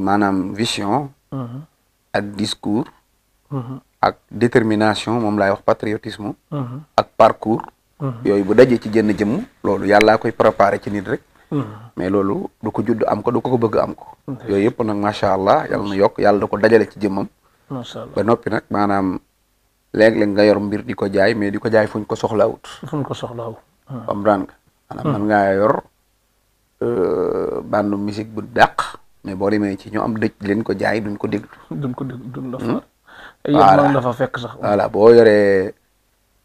maanaam vision. Mhm. ak discours. Mhm. ak détermination moom laay wax patriotisme. Mhm. ak parcours. yooyu bu dajee ci jenn jëmm loolu yàllaa koy préparé ci nit rek. mais loolu du ko judd am ko du ko ko bëgg am ko. yooyu yëpp nag macha allah yàlla na yokk yàlla da ko dajale ci jëmmam. macha ba noppi nag maanaam léeg-léeg nga yor mbir di ko jaay mais di ko jaay fuñ ko soxlaawut. fuñ ko soxlaawut. comprendre nga. maanaam man ngaa yor euh, bandu musique bu dàq. mais boo demee ci ñoo am dëj leen ko jaay duñ ko déglu. duñ ko déglu duñ la fa. Hmm? voilà fekk sax. voilà boo yoree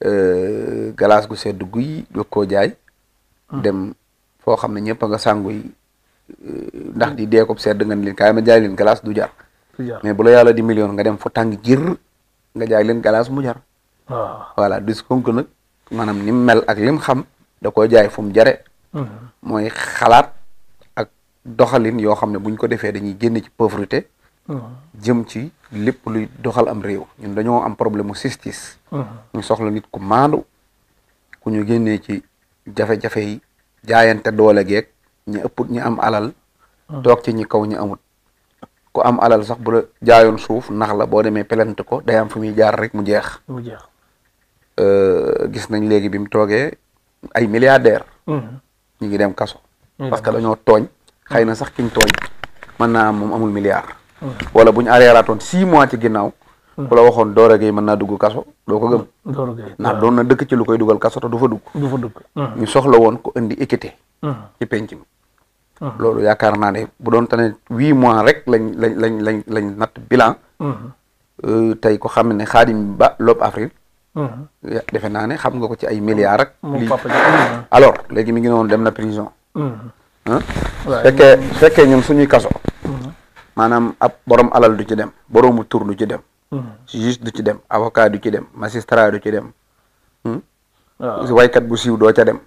euh, galaas gu sedd guy du koo jaay. Hmm. dem foo xam ne ñëpp a nga sàngu euh, ndax di dee ko sedd nga ne leen kaay ma jaay leen galaas du jar. mais bu la yàlla di million nga dem fo tàng jir nga jaay leen galaas mu jar. waaw voilà dis kon nag maanaam ni mel ak lim xam da koo jaay fu mu jare hmm. mooy xalaat. doxalin yoo xam ne buñ ko defee dañuy génn ci pauvreté. Uh-huh. jëm ci lépp luy doxal am réew ñun dañoo am problème mu justice. Uh-huh. ñu soxla nit ku maandu ku ñu génnee ci jafe-jafe yi jaayante doole geeg ñu ëpp ñu am alal. Uh-huh. toog ci ñi kaw ñu amut. ku am alal sax bu la suuf nax la boo demee pelante ko day am fu muy jaar rek mu jeex. mu jeex euh, gis nañ léegi bi mu toogee ay milliardaires. ñu ngi dem kaso. parce que tooñ. xëy na sax ki tooñ mën naa am moom amul milliard wala bu ñu arriéraatoon six mois ci ginnaaw ku la waxoon Doro Gaye mën naa dugg kaso doo ko gëm ndax doon na dëkk ci lu koy dugal kaso te du fa dugg du fa dugg ñu soxla woon ko indi équité ci penc mi loolu yaakaar naa ne bu doon tane huit mois rek lañ lañ lañ lañ lañ natt bilan euh, tey ko xam ne Xaadim Ba Lob Afrique defe naa ne xam nga ko ci ay milliards ak lii alors léegi mi ngi noonu dem na prison fekkee fekkee ñun suñuy kaso maanaam ab boroom alal du ci dem boroomu tur du ci dem mhm. juge du ci dem avocat du ci dem magistrat du ci dem hmm? waykat bu siiw doo ca dem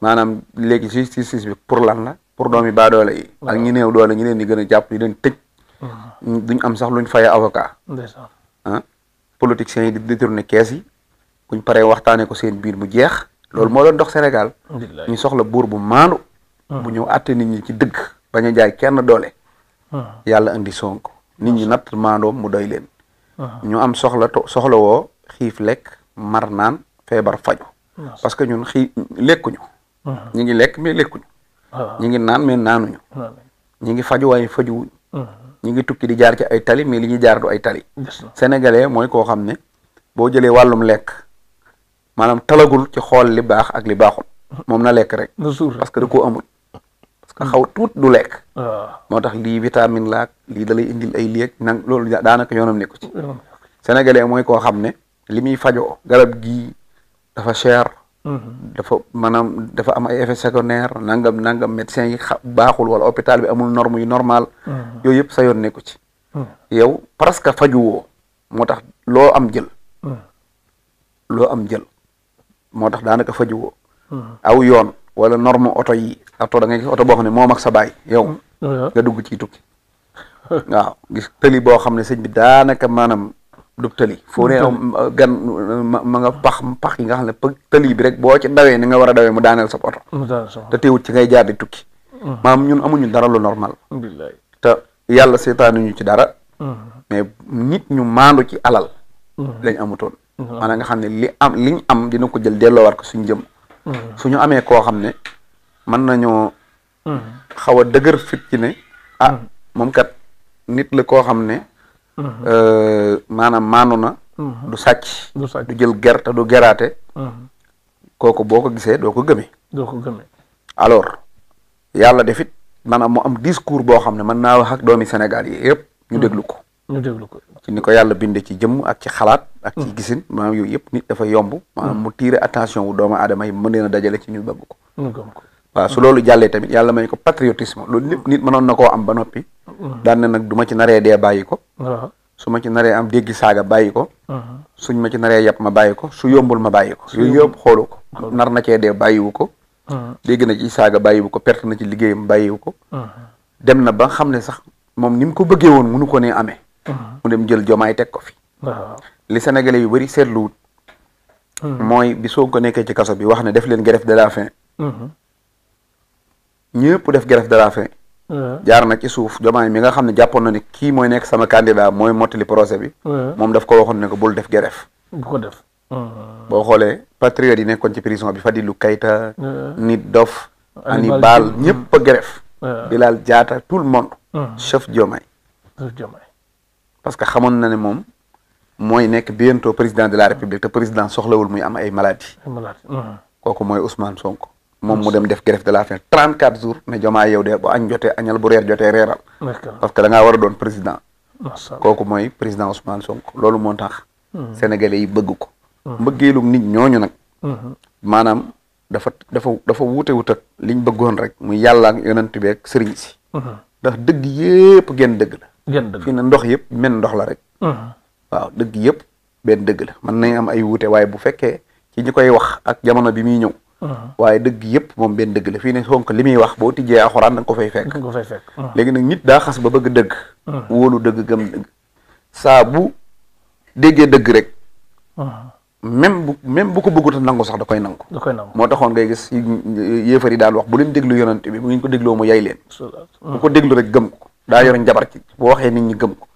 maanaam léegi justice bi pour lan la pour doomi baadoole yi ak ñi néew doole ñu leen di gën a jàpp di leen tëj mhm. duñ am sax luñ faye avocat ah politiciens yi di détourné kees yi buñ paree waxtaanee ko seen biir mu jeex loolu mhm. moo doon dox Sénégal ñu soxla buur bu maandu Ah. mu ñëw àtte nit ñi ci dëgg bañ a jaay kenn doole ah. yàlla indi sonko nit ñi ah. natt maandoom mu doy leen ñu am soxla soxla woo xiif lekk mar naan feebar faj parce que ñun xii lekkuñu ñi ngi lekk mais lekkuñu ñi ngi naan mais naanuñu ñi ngi faju waaye faju ñi ngi tukki di jaar ci ay tali mais li ñuy jaar du ay tali sénégalais mooy koo xam ne boo jëlee wàllum lekk maanaam talagul ci xool li baax ak li baaxul moom na lekk rek taxaw tuut du lekk. Ah. moo tax lii vitamine laak lii da lay indil ay léeg nang loolu daanaka yoonam nekku ci. sénégalais mooy koo xam ne li muy fajoo garab gi dafa cher. Mhm. dafa maanaam dafa am ay effets secondaires nangam nangam médecin yi xa baaxul wala hôpital bi amul norme yu normal. Mhm. yooyu yëpp sa yoon nekku ci. Mhm. yow presque fajuwoo moo tax loo am jël. loo am jël moo tax daanaka fajuwoo. aw yoon wala norme oto yi. ab da ngay gis boo xam ne moom ak sa baay yow. Mm, nga dugg ci tukki. waaw gis tëli boo xam ne sëñ bi daanaka maanaam du tëli. foo ne uh, gan ma nga pax pax yi nga xam ne tëli bi rek boo ci dawee ni nga war a dawee mu daaneel sa oto. te teewut ci ngay jaar di tukki. Mm. maam ñun amuñu dara lu normal. te yàlla seetaanuñu ci dara. Mm. mais nit ñu maandu ci alal. lañ amutoon. maanaam nga xam ne li am liñ am dina ko jël delloowaat ko suñ jëm. suñu amee koo xam ne. mën nañoo hmm. xaw a dëgër fit ci ne ah hmm. moom kat nit la koo xam ne hmm. euh, maanaam maanu na du sàcc du jël ger du geraate kooku boo ko gisee doo ko gëmee doo alors yàlla defit maanaam mu am discours boo xam ne mën naa wax ak doomi Sénégal yi yëpp ñu déglu ko ñu déglu ko ci ni ko yàlla bindee ci jëmm ak ci xalaat ak ci gisin maanaam yooyu yëpp nit dafa yomb maanaam mu tiire attention wu doomu aadama yi mën leen a dajale ci ñu bëgg waaw su loolu jàllee tamit yàlla may ko patriotisme loolu lépp nit mënoon na koo am ba noppi mm-hmm. daan nag du ci naree dee bàyyi ko su ma ci naree am dégg saaga bàyyi ko mm-hmm. suñ ma ci naree yàpp ma bàyyi ko su yombul ma bàyyi ko su yóbbu xoolu ko nar na cee dee bàyyiwu ko mm-hmm. dégg na ci saaga bàyyiwu ko perte na ci liggéeyam bàyyiwu ko dem na ba xam ne sax moom ni mu ko bëggee woon munu ko ne ame mu dem jël jomaay teg ko fi li sénégalais yu bëri seetluwut mooy bi soo ko nekkee ci kaso bi wax ne def leen grève de la faim ñëpp def grève de la faim. jaar na ci suuf jomaay mi nga xam ne jàppoon na ni kii mooy nekk sama candidat mooy mottali projet bi. moom daf ko waxoon ne ko bul def grève. bu ko def. boo xoolee patriote yi nekkoon ci prison bi fa Fadilou Keita. nit dof. Hannibal ñëpp a grève. Bilal jaata tout le monde. chef Diomaye. chef parce que xamoon na ne moom mooy nekk bientôt président de la république te président soxlawul muy am ay maladie. kooku mooy Ousmane sonk moom mu dem def grève de la faim 34 jours ne jomaa yow de bu añ jotee reeral. parce que da ngaa a doon président. kooku mooy président Ousmane Sonko loolu moo tax. Hmm. sénégalais yi bëgg ko. Hmm. mbëggeelu nit ñooñu nag. Hmm. maanaam dafa dafa dafa wuute wut ak liñ bëggoon rek muy yàlla ak yonent bi ak sëriñ si. ndax dëgg yëpp genn dëgg la. genn dëgg fi ne ndox yëpp men ndox la rek. waaw dëgg yëpp benn dëgg la nañ am ay wuute waaye bu fekkee ci ñi koy wax ak jamono bi muy ñëw. Uh-huh. waaye dëgg yëpp moom benn dëgg la fii ne Sonko li muy wax boo tijjee alxuraan danga ko fay fekk ko fay fekk uh-huh. léegi nag nit daa xas ba bëgg dëgg uh-huh. wóolu dëgg gëm saa bu déggee dëgg rek même bu même bu ko bëggut a nangu sax da koy nangu da koy nangu moo taxoon ngay gis yéefar yi daan wax bu leen déglu yonante bi bu ngeen ko dégloo mu yay leen bu ko déglu rek gëm daa yor njabar ci boo waxee nit ñi gëm ko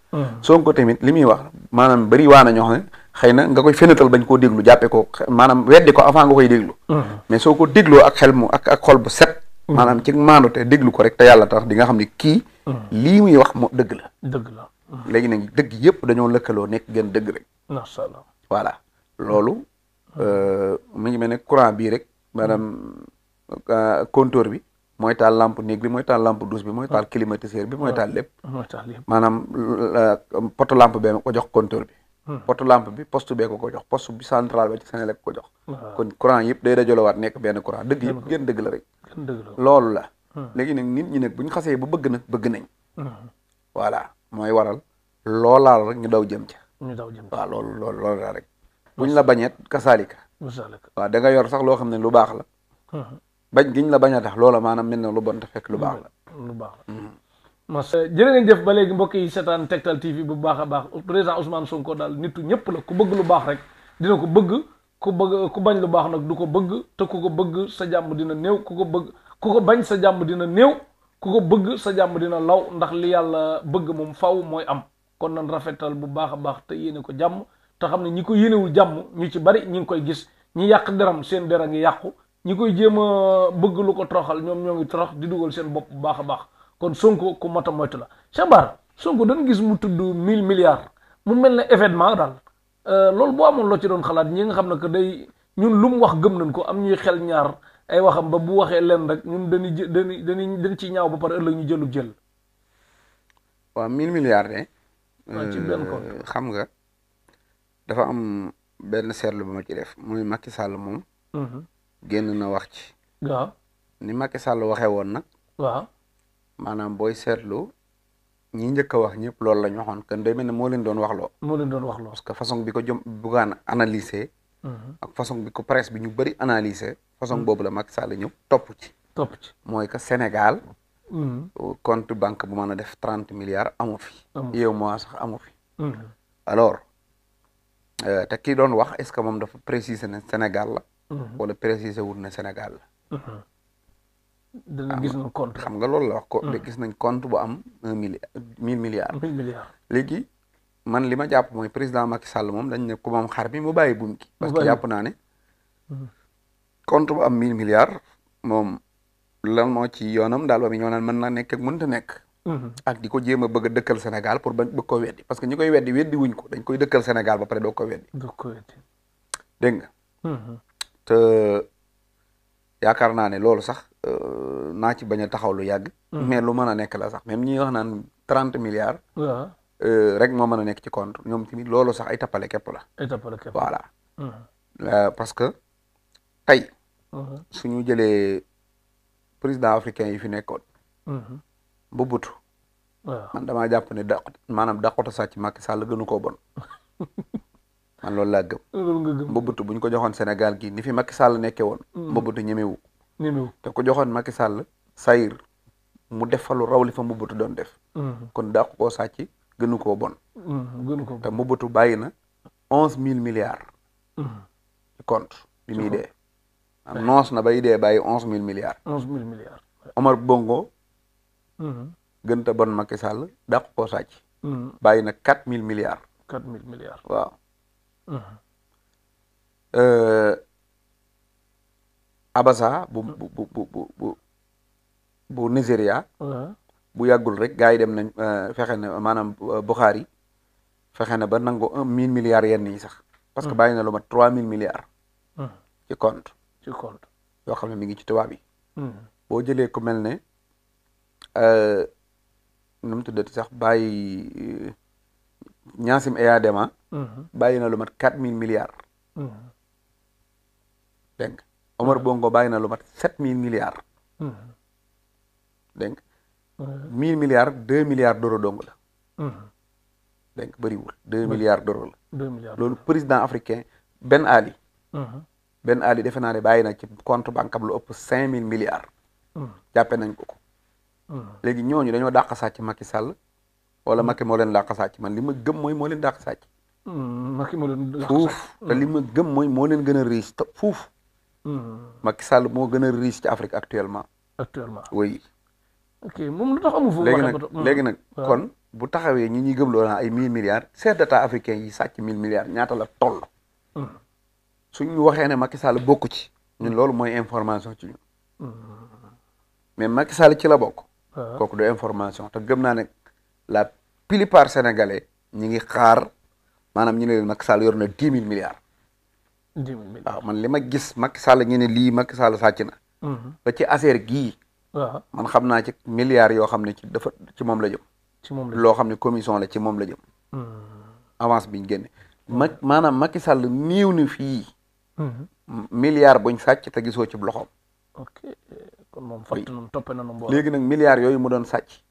Sonko tamit li muy wax maanaam bari waa na ñoo xëy na nga koy fenatal bañ koo déglu jàppee ko maanaam weddi ko avant nga koy déglu mm-hmm. mais soo ko dégloo ak xel mu ak ak xol bu set mm-hmm. maanaam ci maandu te déglu ko rek te yàlla tax di nga xam ne kii mm-hmm. lii muy wax moo dëgg la dëgg la léegi nag dëgg yëpp dañoo lëkkaloo nekk gën dëgg rek macha allah voilà loolu euh, mu ngi mel ne courant bii rek maanaam euh, compteur bi mooy taal lampe néeg bi mooy taal lampe douche bi mooy taal climatiseur bi mooy taal lépp maanaam euh, poto lampe bee ma ko jox compteur bi Hmm. potu lampe bi poste bee ko ko jox poste bi central ba ci Senelec ko jox kon courant da day dajolowaat nekk benn courant dëgg yëpp gën dëgg la rek loolu la hmm. léegi nag nit ñi ba bëgg nag bëgg nañ hmm. voilà mooy waral loolaal rek ñu daw jëm ca ñu daw jëm waaw la rek buñ la bañeet kasaalika waaw da nga yor sax loo xam ne lu baax la bañ giñ la bañ a tax loola mel na lu bon te fekk lu baax la mas eh, jërë ngeen jëf ba léegi mbokk yi seetaan Tektal TV bu baax a baax président Ousmane Sonko daal nitu ñëpp la ku bëgg lu baax rek dina ko bëgg ku bëgg ku bañ lu baax nag du ko bëgg te ku ko bëgg sa jàmm dina néew ku ko bëgg ku ko bañ sa jàmm dina néew ku ko bëgg sa jàmm dina law ndax li yàlla bëgg moom faw mooy am kon nan rafetal bu baax a baax te yéene ko jàmm te xam ne ñi ko yéenewul jàmm ñu ci bari ñi ngi koy gis ñi yàq deram seen dera ngi yàqu ñi koy jéem a bëgg lu ko toroxal ñoom ñoo ngi torox di dugal seen bopp bu baax a baax kon Sonko ku mot moytu la Cheikh Bara Sonko gis mu tudd mill milliards mu mel ne événement daal euh, loolu boo amoon loo ci doon xalaat ñi nga xam na que day ñun lu mu wax gëm nañ ko am ñuy xel ñaar ay waxam ba bu waxee leen rek ñun dañuy jë dañuy dañuy dañ ci ñaaw ba pare ëllëg ñu jëlub jël. waaw mille milliards de. ci euh, xam nga dafa am benn seetlu bu ma ci def muy Macky sàll moom. Mhm. génn na wax ci. waaw ni Macky Sall waxee woon nag. waaw. maanaam booy seetlu ñi njëkk a wax ñëpp loolu la ñu waxoon kan day mel ne moo leen doon wax loo. moo leen doon wax loo. parce que façon bi ko jom bugaan analyser. Mhm. ak façon bi ko presse bi ñu bëri analyser. façon mhm. boobu la Macky Sall ñëw topp ci. topp ci mooy que Sénégal. Mhm. compte banque bu mën a def trente milliards amu fi. yow moo sax amu fi. alors euh, te ki doon wax est ce que moom dafa préciser ne Sénégal la. wala préciser wul ne Sénégal dana gis na loolu la wax ko hmm. gis nañ compte bu am un milliard mille milliards léegi man li ma jàpp mooy président Macky Sall moom dañ ne ku moom xar mi mu bàyyi buum ki parce que jàpp naa ne hmm. compte bu am mille milliards moom lan moo ci yoonam daal ba mi ñoo naan mën na nekk ak mënta nekk hmm. ak di ko jéem a bëgg dëkkal Sénégal pour bañ bëgg ko weddi parce que ñu koy weddi weddi wuñ ko dañ koy dëkkal Sénégal ba pare doo ko weddi dégg nga te yaakaar naa ne loolu sax Euh, naa ci bañ a taxaw lu yàgg. Mhm. mais lu mën a nekk la sax même ñi wax naan trente milliards. waaw euh, rek moo mën a nekk ci compte ñoom tamit loolu sax ay tappale képp la. ay mhm. euh, parce que tey. Mhm. suñu jëlee président africain yi fi nekkoon. bu butu. man damaa jàpp ne da maanaam daqota sàcc Macky sàll gënu ko bon. man loolu laa gëm. mbubutu bu ko joxoon Sénégal gii ni fi Macky Sall nekkee woon. mbubutu ñemewu ñemewu te ko joxoon Macky sayir mu defalu fa lu raw li fa mbubbatu doon def. Mhm. kon dàq koo sàcc gënu koo bon. Mhm, te mbubbatu bàyyi na onze mille milliards. Mhm. ci compte bi noos na ba dee bàyyi onze mille milliards. onze mille milliards. Omar Bongo. gën ta bon Macky dàq koo sàcc. bàyyi na quatre mille milliards. quatre mille milliards waaw. Euh, Abasa bu bu bu bu bu Nigeria. Uh-huh. bu yàggul rek gars yi dem nañ euh, fexe na maanaam euh, Bukhari fexe na ba nangu un mille milliards yenn yi sax. parce que uh-huh. bàyyi na lu mat trois mille milliards. Uh-huh. yoo xam ne mi ngi ci tubaab yi. boo jëlee ko mel ne euh, nu mu tuddati sax bàyyi Gnassingbé Eyadema. bàyyi na lu mat mille milliards. Omar Bongo bàyyi na lu mat sept mille milliards. Hmm. dégg nga. Hmm. mille milliards deux milliards d'euros dong la. Hmm. dégg nga bëriwul deux milliards d'euros la. deux milliards loolu président africain Ben Ali. Ben Ali defe naa ne bàyyi na ci compte banque am lu ëpp cinq mille milliards. jàppe nañ ko ko. léegi ñooñu dañoo dàq sàcc Macky Sall wala Macky moo leen dàq sàcc man li ma gëm mooy moo leen dàq sàcc. Macky moo leen dàq sàcc li ma gëm mooy moo leen gën a riche Mm-hmm. Macky Sall moo gën a riche ci Afrique actuellement. actuellement oui. ok moom lu tax amu fa. léegi nag mm. kon bu taxawee ñi ñuy gëmloo ay mille milliards chef d'État africain yi sàcc mille milliards ñaata la toll. Mm. suñu waxee ne Macky Sall bokku ci. ñun loolu mooy information ci ñun. Mm. mais Macky Sall ci la bokk. Ah. kooku du information te gëm naa ne la plupart sénégalais ñi ngi xaar maanaam ñu ne leen Macky Sall yor na dix mille milliards. man li ma gis Macky Sall ñu ne lii Macky Sall sàcc na. Mhm. ba ci affaire gii. waaw man xam naa ci milliards yoo xam ne ci dafa ci moom la jëm. ci moom loo xam ne commission la ci mom la jëm. Mhm. avance biñ génne. ma maanaam Macky Sall niiw ni fii. Mhm. milliards buñ sàcc te gisoo ci loxoom. ok moom fàtte nañu toppe nañu mbooloo léegi nag milliards yooyu mu doon sàcc.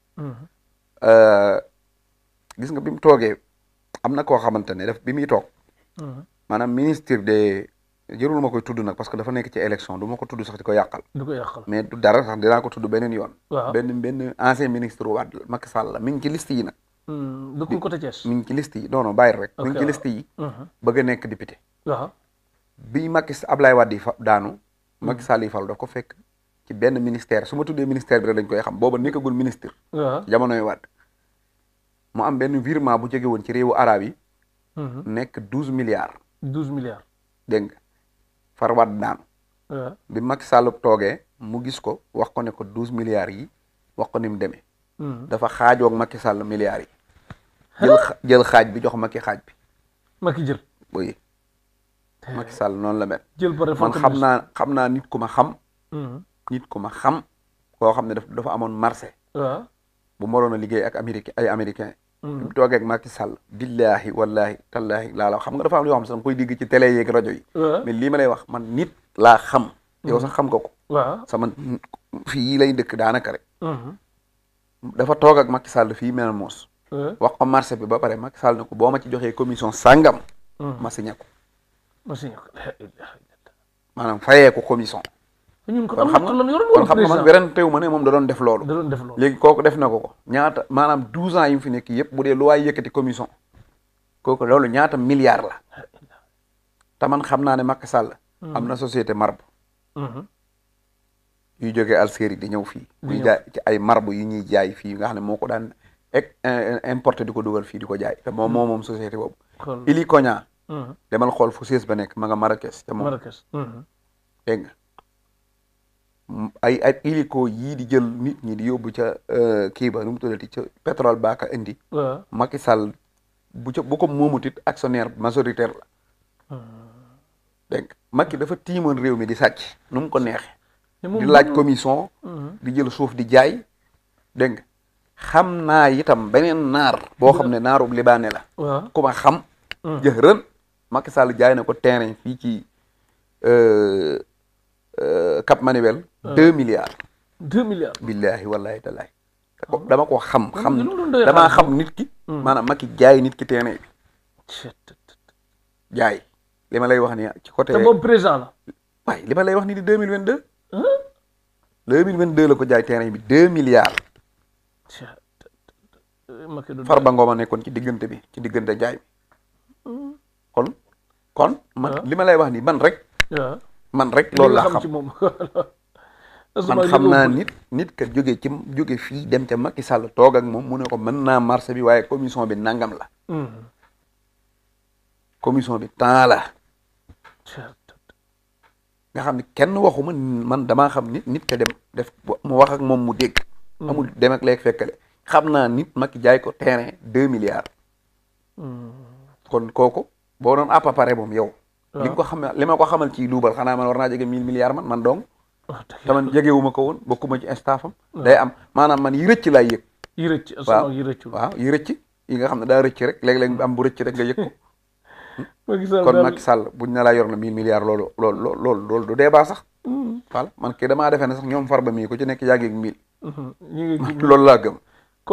Euh, gis nga bi mu toogee am na koo xamante ne daf bi muy toog. maanaam ministre de jërul ma koy tudd nag parce que dafa nekk ci élection du ma ko tudd sax di ko yàqal. du ko yàqal mais dara sax dinaa ko tudd beneen yoon. waaw benn benn ancien ministre Wade Macky Sall la mi ngi ci liste yi nag. Hmm, dëkkul côté Thiès. mi ngi ci liste yi non non bàyyi rek. mi ngi ci liste yi. Uh-huh. bëgg a nekk député. waaw bi Macky Ablaye Wade yi fa daanu. Hmm. Macky Sall fal falu ko fekk ci benn ministère su ma tuddee ministère bi rek dañ koy xam booba nekkagul ministre. waaw uh-huh. jamonoy Wade mu am benn virement bu jóge woon ci réewu arab yi. Hmm. nekk douze milliards. douze milliards. dégg nga farwaat daanu. Euh. bi Macky Sall toogee mu gis ko wax ko ko douze milliards yi wax ko ni mu demee. Hmm. dafa xaajoog Macky Sall milliards yi. jël xaaj bi jox Macky xaaj bi. Macky jël. oui Macky Sall noonu la mel. jël man xam naa xam naa nit ku ma xam. Hmm. nit ku ma xam. koo xam ne dafa amoon marché. waaw euh. bu moroon a liggéey ak Amérique ay américain mu mm-hmm. toogee ak Macky Sall billaahi wallaahi tallaahi laala xam nga dafa am yoo xam sax koy dégg ci télé yeeg rajo yi mais ma lay wax man nit laa xam yow sax mm-hmm. xam nga ko waaw sama fii lay dëkk daanaka rek mm-hmm. dafa toog ak Macky Sall fii mel moos wax ko marché bi ba pare Macky Sall ne ko boo ma ci joxee commission sàngam ma signé ko ma signé ko commission ñun kon xam nga kon xam nga man weren teew ma ne moom da doon def loolu. da doon léegi kooku def na ko ko. ñaata maanaam 12 ans yi fi nekk yëpp bu dee lu waay yëkkati commission kooku loolu ñaata milliard la te man xam naa ne Macky Sall. am na hmm. société marbre. Hmm. yuy jógee Algérie di ñëw fii. di ay marbre yu ñuy jaay fii nga xam ne moo ko daan eh, importé di ko dugal fii di ko jaay te moom hmm. moom moom société boobu. ili koña demal xool fu siis ba nekk ma nga Marrakech. te moom Marrakech ay ay hélico yii di jël nit ñi di yóbbu ca euh, kii ba nu mu tuddati ca pétrole baa indi. waaw Macky Sall bu ca bu ko moomutit actionnaire majoritaire la. Ah. dégg nga dafa tiimoon réew mi di sàcc nu mu ko neexee. di laaj commission. Mm-hmm. di jël suuf di jaay dégg xam naa itam beneen naar. boo xam ne naarub libaane la. waaw ku xam. Mm. jëf ren Macky jaay na ko terrain fii ci. Euh, Euh, Cap Manuel. Ah. deux milliards. deux milliards. billaahi wallaahi tallaahi. dama ko xam. xam damaa xam nit ki. Hmm. maanaam maki jaay nit ki terrain bi. jaay li ma lay wax ni ci côté. te boobu président la. waaye li lay wax ni di deux mille dee deux. deux mille vingt deux la ko jaay terrain bi deux milliards. Farba Ngom a nekkoon ci diggante bi ci diggante jaay bi. Hmm. kon kon man ah. li ma lay wax ni man rek. Ah. man rek loolu la xam man xam naa nit nit kat jóge ci jóge fii dem ca Macky Sall toog ak moom mu ne ko mën naa marché bi waaye commission bi nangam la hmm. commission bi temps la nga xam ne kenn waxuma man damaa xam nit nit ka dem def mu wax ak moom mu dégg hmm. amul dem ak leeg fekkale xam naa nit Macky jaay ko terrain deux milliards hmm. kon kooku boo doon à peu près moom yow li nga ko xamal li ma ko xamal ci luubal xanaa man war naa jege mille milliards man man dong oh, te man jegewu ko woon bokkuma ci instafam day am maanaam man yi rëcci laay yëg yi rëcc waaw yi rëcc waaw yi yi nga xam ne daa rëcci rek léeg-léeg am bu rëcc rek nga yëg ko kon Macky Sall buñ na laa yor na mille milliards lool loolu loolu loolu sax mm. voilà man kii damaa defee ne sax ñoom farba mii ko ci nekk yàggeeg mille mm-hmm. loolu laa gëm